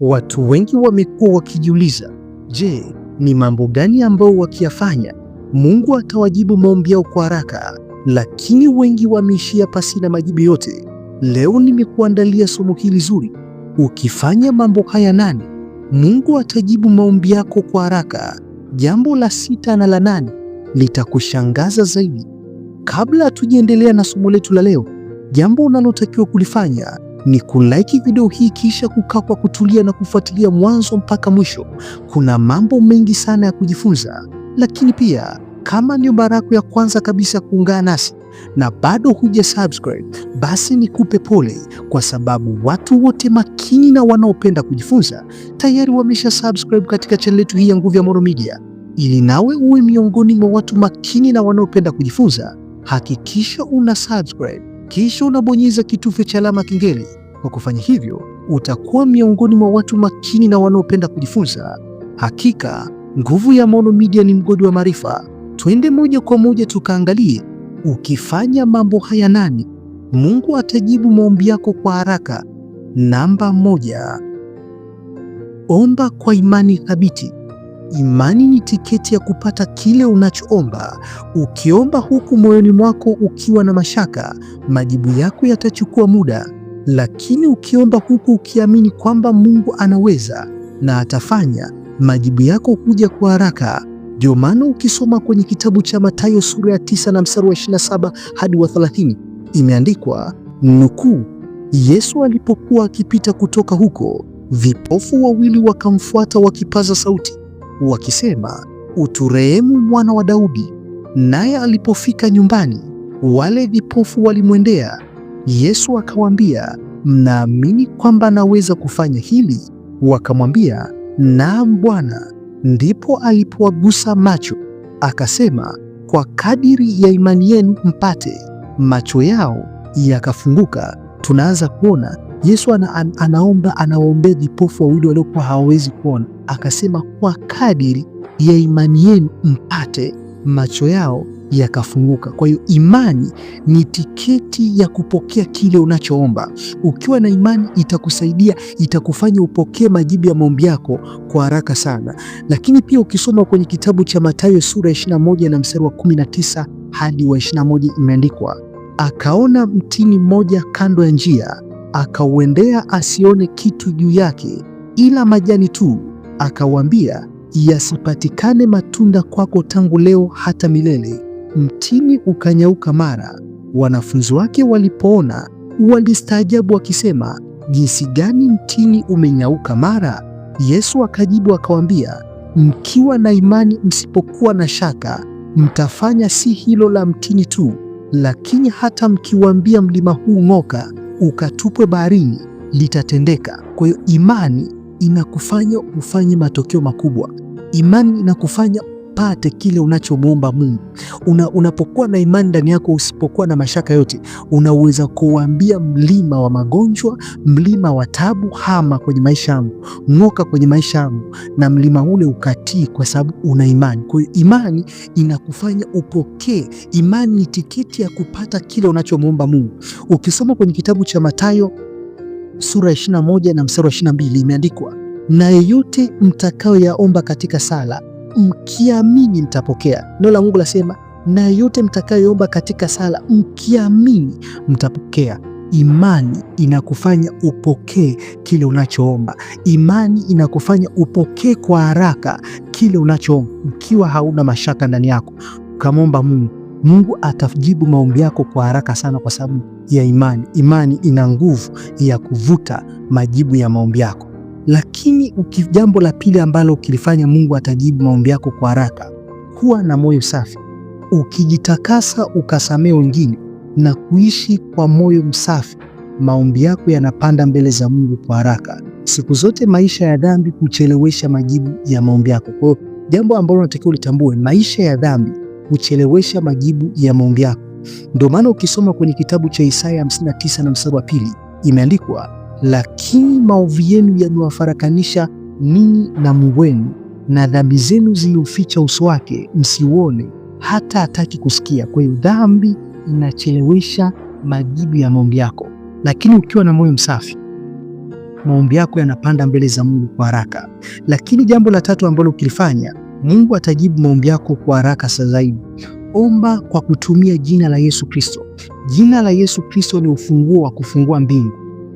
Watu wengi wamekuwa wakijiuliza, je, ni mambo gani ambao wakiyafanya Mungu atawajibu maombi yao kwa haraka? Lakini wengi wameishia pasi na majibu yote. Leo nimekuandalia somo hili zuri. Ukifanya mambo haya nane, Mungu atajibu maombi yako kwa haraka. Jambo la sita na la nane litakushangaza zaidi. Kabla tujiendelea na somo letu la leo, jambo unalotakiwa kulifanya ni kulike video hii kisha kukaa kwa kutulia na kufuatilia mwanzo mpaka mwisho. Kuna mambo mengi sana ya kujifunza, lakini pia kama ni mara yako ya kwanza kabisa kuungana nasi na bado huja subscribe, basi nikupe pole, kwa sababu watu wote makini na wanaopenda kujifunza tayari wamesha subscribe katika channel yetu hii ya Nguvu ya Maono Media. Ili nawe uwe miongoni mwa watu makini na wanaopenda kujifunza, hakikisha una subscribe kisha unabonyeza kitufe cha alama kengele kwa kufanya hivyo, utakuwa miongoni mwa watu makini na wanaopenda kujifunza. Hakika nguvu ya Maono Media ni mgodi wa maarifa. Twende moja kwa moja tukaangalie, ukifanya mambo haya nani, Mungu atajibu maombi yako kwa haraka. Namba moja, omba kwa imani thabiti. Imani ni tiketi ya kupata kile unachoomba. Ukiomba huku moyoni mwako ukiwa na mashaka, majibu yako yatachukua muda. Lakini ukiomba huku ukiamini kwamba Mungu anaweza na atafanya, majibu yako huja kwa haraka. Ndio maana ukisoma kwenye kitabu cha Mathayo sura ya 9 na mstari wa 27 hadi wa 30, imeandikwa nukuu, Yesu alipokuwa akipita kutoka huko, vipofu wawili wakamfuata wakipaza sauti wakisema, uturehemu mwana wa Daudi. Naye alipofika nyumbani, wale vipofu walimwendea Yesu akawaambia, mnaamini kwamba naweza kufanya hili? Wakamwambia, naam Bwana. Ndipo alipowagusa macho akasema, kwa kadiri ya imani yenu mpate. Macho yao yakafunguka. Tunaanza kuona Yesu ana, anaomba anawaombea vipofu wawili waliokuwa hawawezi kuona, akasema kwa kadiri ya imani yenu mpate. Macho yao yakafunguka. Kwa hiyo imani ni tiketi ya kupokea kile unachoomba. Ukiwa na imani, itakusaidia itakufanya upokee majibu ya maombi yako kwa haraka sana. Lakini pia ukisoma kwenye kitabu cha Mathayo sura 21 na mstari wa 19 hadi wa 21, imeandikwa akaona mtini mmoja kando ya njia, akauendea asione kitu juu yake ila majani tu, akauambia yasipatikane matunda kwako tangu leo hata milele mtini ukanyauka mara. Wanafunzi wake walipoona walistaajabu, wakisema, jinsi gani mtini umenyauka mara? Yesu akajibu akawaambia, mkiwa na imani, msipokuwa na shaka, mtafanya si hilo la mtini tu, lakini hata mkiwaambia mlima huu ng'oka, ukatupwe baharini, litatendeka. Kwa hiyo imani inakufanya ufanye matokeo makubwa. Imani inakufanya upate kile unachomwomba Mungu. Una, unapokuwa na imani ndani yako, usipokuwa na mashaka yote, unaweza kuambia mlima wa magonjwa, mlima wa tabu, hama kwenye maisha yangu, ng'oka kwenye maisha yangu, na mlima ule ukatii, kwa sababu una imani. Kwa hiyo imani inakufanya upokee. Imani ni tiketi ya kupata kile unachomwomba Mungu. Ukisoma kwenye kitabu cha Mathayo sura 21 na mstari wa 22, imeandikwa na yeyote mtakayoyaomba katika sala mkiamini mtapokea. Neno la Mungu lasema, na yote mtakayoomba katika sala mkiamini mtapokea. Imani inakufanya upokee kile unachoomba. Imani inakufanya upokee kwa haraka kile unachoomba, ukiwa hauna mashaka ndani yako. Ukamwomba Mungu, Mungu atajibu maombi yako kwa haraka sana, kwa sababu ya imani. Imani ina nguvu ya kuvuta majibu ya maombi yako. Lakini jambo la pili ambalo ukilifanya Mungu atajibu maombi yako kwa haraka, kuwa na moyo safi. Ukijitakasa ukasamee wengine na kuishi kwa moyo msafi, maombi yako yanapanda mbele za Mungu kwa haraka. Siku zote maisha ya dhambi huchelewesha majibu ya maombi yako. Kwa hiyo jambo ambalo unatakiwa ulitambue, maisha ya dhambi huchelewesha majibu ya maombi yako. Ndio maana ukisoma kwenye kitabu cha Isaya 59 na mstari wa pili imeandikwa lakini maovu yenu yaliwafarakanisha ninyi na Mungu wenu, na dhambi zenu ziliuficha uso wake msiuone, hata hataki kusikia. Kwa hiyo dhambi inachelewesha majibu ya maombi yako, lakini ukiwa na moyo msafi maombi yako yanapanda mbele za Mungu kwa haraka. Lakini jambo la tatu ambalo ukilifanya, Mungu atajibu maombi yako kwa haraka zaidi. Omba kwa kutumia jina la Yesu Kristo. Jina la Yesu Kristo ni ufunguo wa kufungua mbingu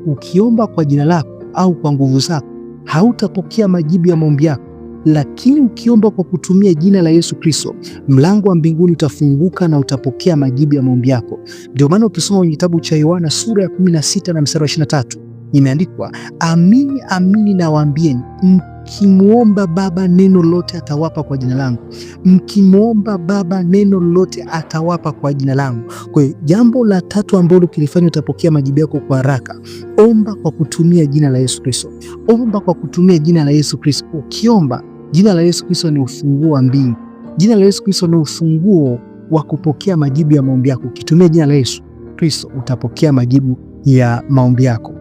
ukiomba kwa jina lako au kwa nguvu zako hautapokea majibu ya maombi yako, lakini ukiomba kwa kutumia jina la Yesu Kristo, mlango wa mbinguni utafunguka na utapokea majibu ya maombi yako. Ndio maana ukisoma kwenye kitabu cha Yohana sura ya 16 na mstari wa 23 imeandikwa, amini amini nawaambieni, mkimwomba Baba neno lolote atawapa kwa jina langu, mkimwomba Baba neno lolote atawapa kwa jina langu. Kwa hiyo jambo la tatu ambalo ukilifanya utapokea majibu yako kwa haraka, omba kwa kutumia jina la Yesu Kristo, omba kwa kutumia jina la Yesu Kristo. Ukiomba jina la Yesu Kristo ni ufunguo wa mbingu, jina la Yesu Kristo ni ufunguo wa kupokea majibu ya maombi yako. Ukitumia jina la Yesu Kristo utapokea majibu ya maombi yako.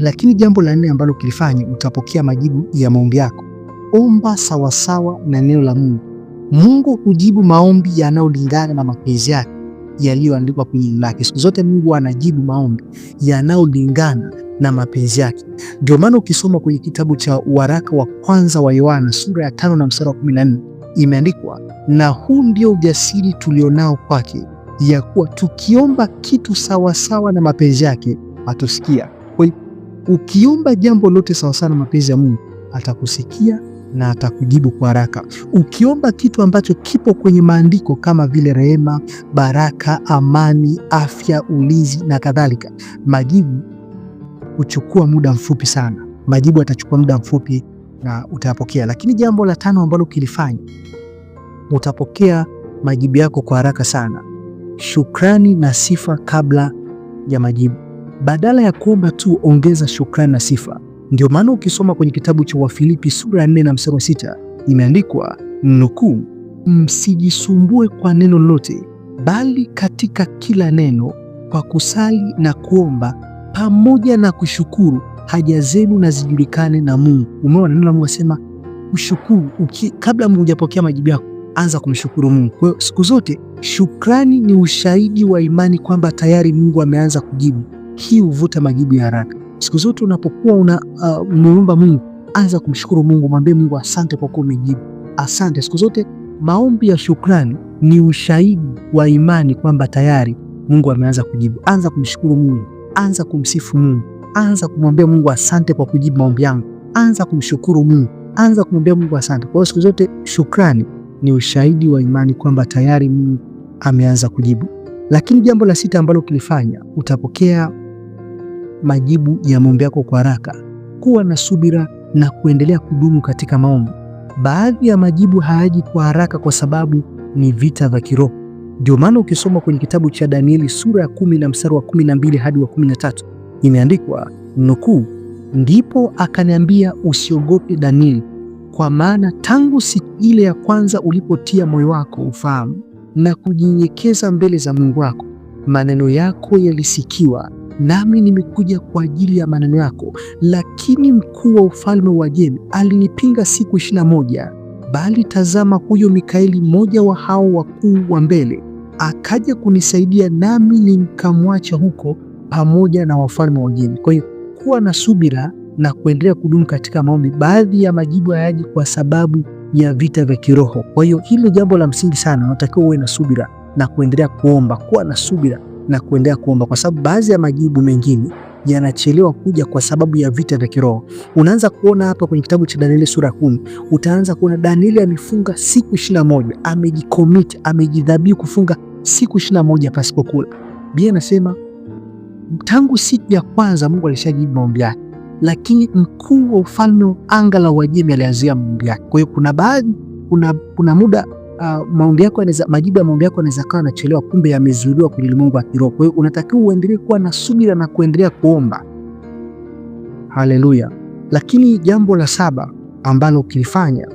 Lakini jambo la nne ambalo ukilifanya utapokea majibu ya maombi yako. Omba sawasawa na neno la Mungu. Mungu hujibu maombi yanayolingana na mapenzi yake yaliyoandikwa kwenye neno lake. Siku zote Mungu anajibu maombi yanayolingana na mapenzi yake. Ndio maana ukisoma kwenye kitabu cha waraka wa kwanza wa Yohana sura ya tano na mstari wa 14 imeandikwa, na huu ndio ujasiri tulionao kwake, ya kuwa tukiomba kitu sawasawa na mapenzi yake atusikia. Ukiomba jambo lote sawasawa na mapenzi ya Mungu, atakusikia na atakujibu kwa haraka. Ukiomba kitu ambacho kipo kwenye maandiko kama vile rehema, baraka, amani, afya, ulinzi na kadhalika, majibu huchukua muda mfupi sana. Majibu atachukua muda mfupi na utayapokea. Lakini jambo la tano ambalo ukilifanya utapokea majibu yako kwa haraka sana, shukrani na sifa kabla ya majibu badala ya kuomba tu, ongeza shukrani na sifa. Ndio maana ukisoma kwenye kitabu cha Wafilipi sura ya 4 na mstari wa 6 imeandikwa nukuu, msijisumbue kwa neno lolote, bali katika kila neno kwa kusali na kuomba pamoja na kushukuru haja zenu na zijulikane na Mungu. Umeona neno la Mungu asema ushukuru. Kabla Mungu hajapokea majibu yako, anza kumshukuru Mungu. Kwa hiyo siku zote shukrani ni ushahidi wa imani kwamba tayari Mungu ameanza kujibu hii huvuta majibu ya haraka. Siku zote unapokuwa una uh, umeomba Mungu, anza kumshukuru Mungu, mwambie Mungu asante kwa kuwa umejibu, asante. Siku zote maombi ya shukrani ni ushahidi wa imani kwamba tayari Mungu ameanza kujibu. Anza kumshukuru Mungu, anza kumsifu Mungu, anza kumwambia Mungu asante kwa kujibu maombi yangu, anza kumshukuru Mungu, anza kumwambia Mungu asante. Kwa hiyo siku zote shukrani ni ushahidi wa imani kwamba tayari Mungu ameanza kujibu. Lakini jambo la sita ambalo ukilifanya utapokea majibu ya maombi yako kwa haraka. Kuwa na subira na kuendelea kudumu katika maombi. Baadhi ya majibu hayaji kwa haraka kwa sababu ni vita vya kiroho. Ndio maana ukisoma kwenye kitabu cha Danieli sura ya kumi na mstari wa 12 hadi wa 13 imeandikwa nukuu, ndipo akaniambia usiogope Danieli, kwa maana tangu siku ile ya kwanza ulipotia moyo wako ufahamu na kujinyekeza mbele za Mungu wako, maneno yako yalisikiwa nami nimekuja kwa ajili ya maneno yako. Lakini mkuu wa ufalme wa Jemi alinipinga siku ishirini na moja, bali tazama, huyo Mikaeli, mmoja wa hao wakuu wa mbele, akaja kunisaidia, nami nikamwacha huko pamoja na wafalme wa Jemi. Kwa hiyo kuwa na subira na kuendelea kudumu katika maombi. Baadhi ya majibu hayaji kwa sababu ya vita vya kiroho. Kwa hiyo hilo jambo la msingi sana, unatakiwa uwe na subira na kuendelea kuomba, kuwa na subira na kuendelea kuomba, kwa sababu baadhi ya majibu mengine yanachelewa kuja kwa sababu ya vita vya kiroho. Unaanza kuona hapa kwenye kitabu cha Danieli sura kumi, utaanza kuona Danieli amefunga siku ishirini na moja, amejikomiti, amejidhabii kufunga siku ishirini na moja Biblia inasema tangu siku ya kwanza Mungu alishajibu maombi yake, lakini mkuu wa ufalme wa anga la Uajemi alianzia maombi yake. Kwa hiyo kuna baadhi, kuna, kuna muda uh, maombi yako yanaweza, majibu ya maombi yako yanaweza kawa yanachelewa, kumbe yamezuiliwa kwenye ulimwengu wa kiroho. Kwa hiyo unatakiwa uendelee kuwa na subira na kuendelea kuomba. Haleluya! Lakini jambo la saba ambalo ukilifanya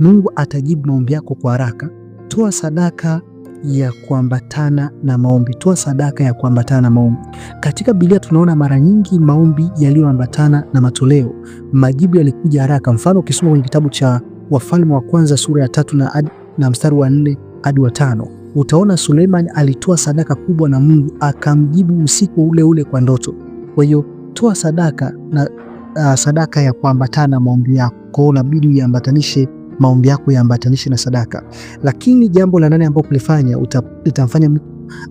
Mungu atajibu maombi yako kwa haraka, toa sadaka ya kuambatana na maombi. Toa sadaka ya kuambatana na maombi. Katika Biblia tunaona mara nyingi maombi yaliyoambatana na matoleo, majibu yalikuja haraka. Mfano, ukisoma kwenye kitabu cha Wafalme wa Kwanza sura ya tatu na, na mstari wa nne hadi wa tano utaona Suleiman alitoa sadaka kubwa na Mungu akamjibu usiku ule ule kwa ndoto. Kwa hiyo toa sadaka na uh, sadaka ya kuambatana maombi yako. Kwa hiyo unabidi uiambatanishe maombi yako yaambatanishe na sadaka, lakini jambo la nane ambalo kulifanya itamfanya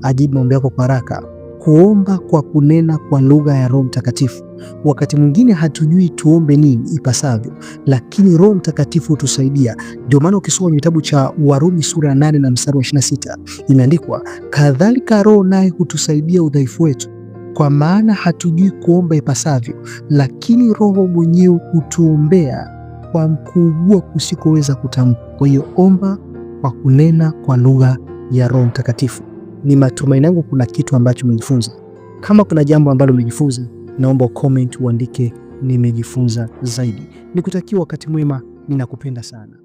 ajibu maombi yako kwa haraka kuomba kwa kunena kwa lugha ya Roho Mtakatifu. Wakati mwingine hatujui tuombe nini ipasavyo, lakini Roho Mtakatifu hutusaidia. Ndio maana ukisoma kwenye kitabu cha Warumi sura ya 8 na mstari wa 26 imeandikwa, kadhalika Roho naye hutusaidia udhaifu wetu, kwa maana hatujui kuomba ipasavyo, lakini Roho mwenyewe hutuombea kwa mkubwa kusikoweza kutamka. Kwa hiyo omba kwa kunena kwa lugha ya Roho Mtakatifu ni matumaini yangu kuna kitu ambacho umejifunza. Kama kuna jambo ambalo umejifunza, naomba comment uandike nimejifunza zaidi. Nikutakia wakati mwema, ninakupenda sana.